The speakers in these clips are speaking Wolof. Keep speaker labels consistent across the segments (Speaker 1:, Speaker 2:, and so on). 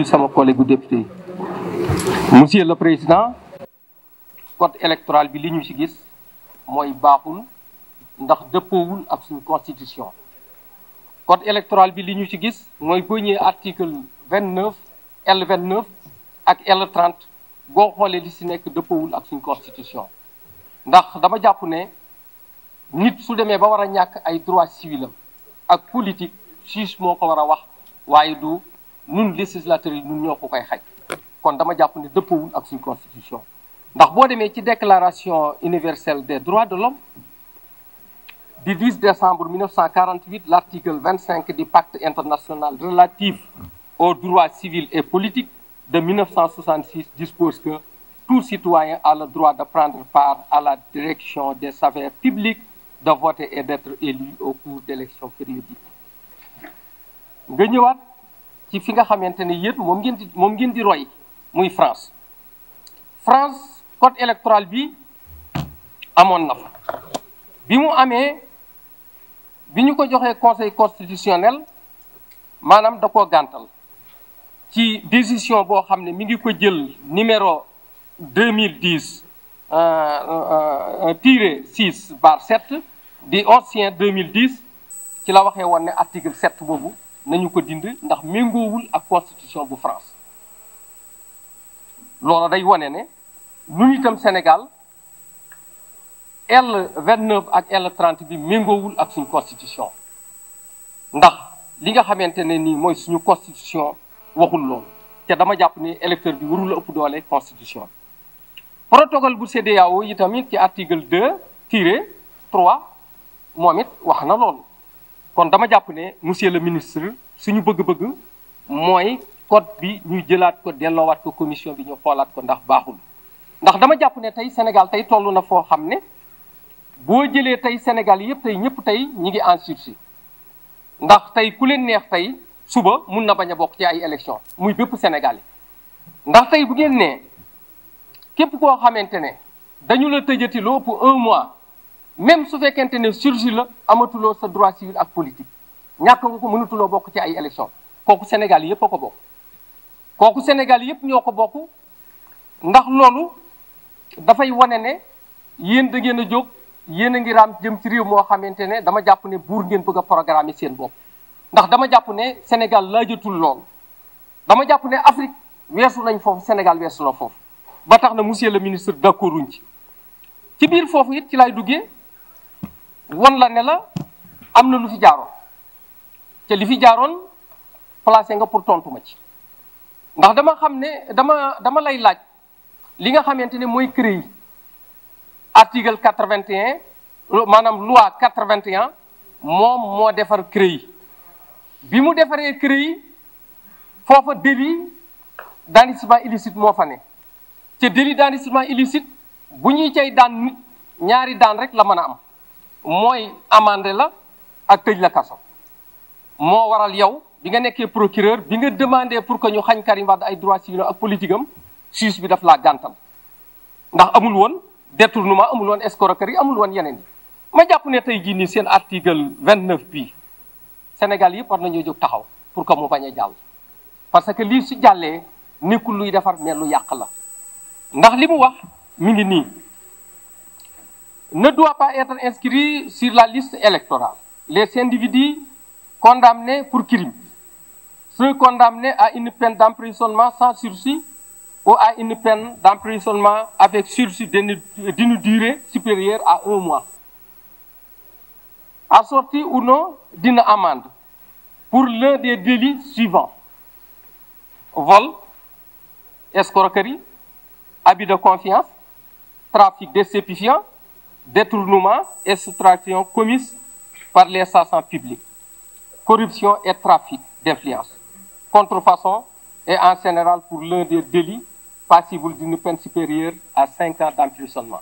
Speaker 1: nuyu sama collègue député monsieur le président code électoral bi li ñu ci gis mooy baaxul ndax dëppoowul ak suñu constitution code électoral bi li ñu ci gis mooy boo ñëwee article vingt neuf L vingt ak L trente boo xoolee li ci nekk dëppowul ak suñu constitution ndax dama jàpp ne nit su demee ba war a ñàkk ay droits civils ak politique juge moo ko war a wax waaye du ñun législateur yi ñun ñoo ko koy xaj kon dama jàpp ne dëppawul ak suñu ndax boo demee ci déclaration universelle des droits de l'homme du 10 décembre 1948 l'article 25 du pacte international relatif aux droits civils et politiques de 1966 dispose que tout citoyen a le droit de prendre part à la direction des affaires publiques de voter et d'être au cours d'élections périodiques ci fi nga xamante ne yéen moom ngeen di moom ngeen di roy muy France France code électoral bi amoon na bi mu amee bi ñu ko joxee conseil constitutionnel maanaam da ko gàntal ci décision boo xam ne mi ngi ko jël numéro 2010 euh, euh, euh, tiré 6 bar 7 di ancien 2010 ci la waxee woon ne article 7 boobu nañu ko dind ndax méngoowul ak constitution bu France loola day wane ne ñun itam Sénégal L 29 ak L 30 bi méngoowul ak suñ constitution ndax li nga xamante ne nii mooy suñu constitution waxul loolu te dama jàpp ni électeur bi warul ëpp doole constitution protocole bu CEDEAO yi tamit ci article 2 tiré 3 moom it wax na loolu kon dama jàpp ne monsieur le ministre suñu bëgg-bëgg mooy code bi ñu jëlaat ko delloowaat ko commission bi ñu xoolaat ko ndax baaxul ndax dama jàpp ne tey Sénégal tey toll na foo xam ne boo jëlee tey Sénégal yëpp tey ñëpp tey ñi ngi en sursis ndax tey ku leen neex tey suba mun na bañ a bokk ci ay élection muy bépp Sénégalais ndax tey bu ngeen nee képp koo xamante ne dañu la tëjati lu un mois même su fekkente ne surgi la amatuloo sa droit civil ak politique ñàkk nga ko mënatuloo bokk ci ay élection kooku Sénégal yëpp a ko bokk kooku Sénégal yëpp ñoo ko bokk ndax loolu dafay wane ne yéen da ngeen a jóg yéen a ngi raam jëm ci réew moo xamante ne dama jàpp ne buur ngeen bëgg a programmer seen bopp ndax dama jàpp ne Sénégal laajatul loolu dama jàpp ne Afrique weesu nañ foofu Sénégal weesu na foofu ba tax na monsieur le ministre d'accorduñ ci ci biir foofu it ci laay duggee wan la ne la am na lu fi jaaroon te li fi jaaroon placé nga pour tontu ma ci ndax dama xam ne dama dama lay laaj li nga xamante ne mooy CREI article quatre vingt un maanaam loi quatre vingt et un moom moo defar CREI bi mu defaree CREI foofa délit d'enrichissement illicite moo fa ne te délit d'enrichissement illicite bu ñuy cay daan nit ñaari daan rek la mën a am. mooy amande la ak tëj la kaso moo waral yow bi nga nekkee procureur bi nga demandé pour que ñu xañ Karim Wade ay droits civils ak politique am bi daf laa gàntal ndax amul woon détournement amul woon escroquerie amul woon yeneen yi ma jàpp ne tey jii nii seen article vingt neuf bii Sénégal yëpp war ñuy jóg taxaw pour que mu bañ jàll parce que lii si jàllee nekkul luy defar mais lu yàq la ndax li mu wax mi ngi nii ne doit pas être inscrit sur la liste électorale. Les individus condamnés pour crime, ceux condamnés à une peine d'emprisonnement sans sursis ou à une peine d'emprisonnement avec sursis d'une durée supérieure à un mois, assorti ou non d'une amende pour l'un des délits suivants vol, escroquerie, abus de confiance, trafic de détournement et soustraction commises par les agents publics, corruption et trafic d'influence, contrefaçon et en général pour l'un des délits passible d'une peine supérieure à cinq ans d'emprisonnement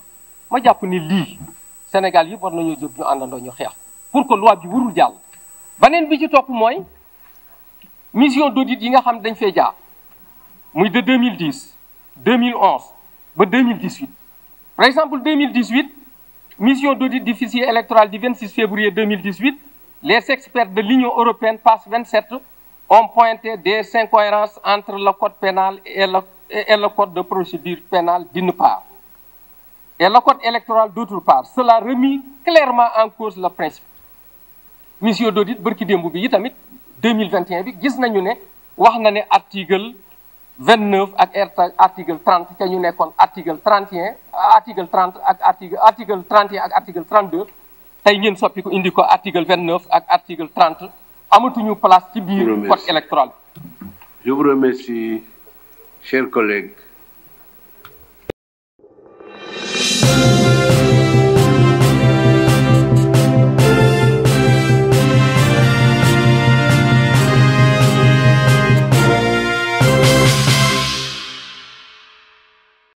Speaker 1: ma jàpp ni lii Sénégal yëpp war nañoo jóg ñu àndandoo ñu xeex pour que loi bi warul jàll. beneen bi ci topp mooy mission d'audit yi nga xam dañ fee jaar muy de 2010 2011 ba 2018 par exemple 2018. mission d'audit du fichier électoral du 26 février 2018, les experts de l'Union européenne, PAS 27, ont pointé des incohérences entre le code pénal et le, et le code de procédure pénale d'une part et le code électoral d'autre part. Cela remet clairement en cause le principe. mission d'audit bërki démb bi yi tamit 2021 bi gis nañu ne wax na ne article vingt 29 ak article 30 te ñu nekkoon article 31 article 30 ak article article 31 ak article 32 tey ñun soppi ko indi ko article 29 ak article 30 amatuñu place ci biir code électoral. Je vous remercie, chers collègues.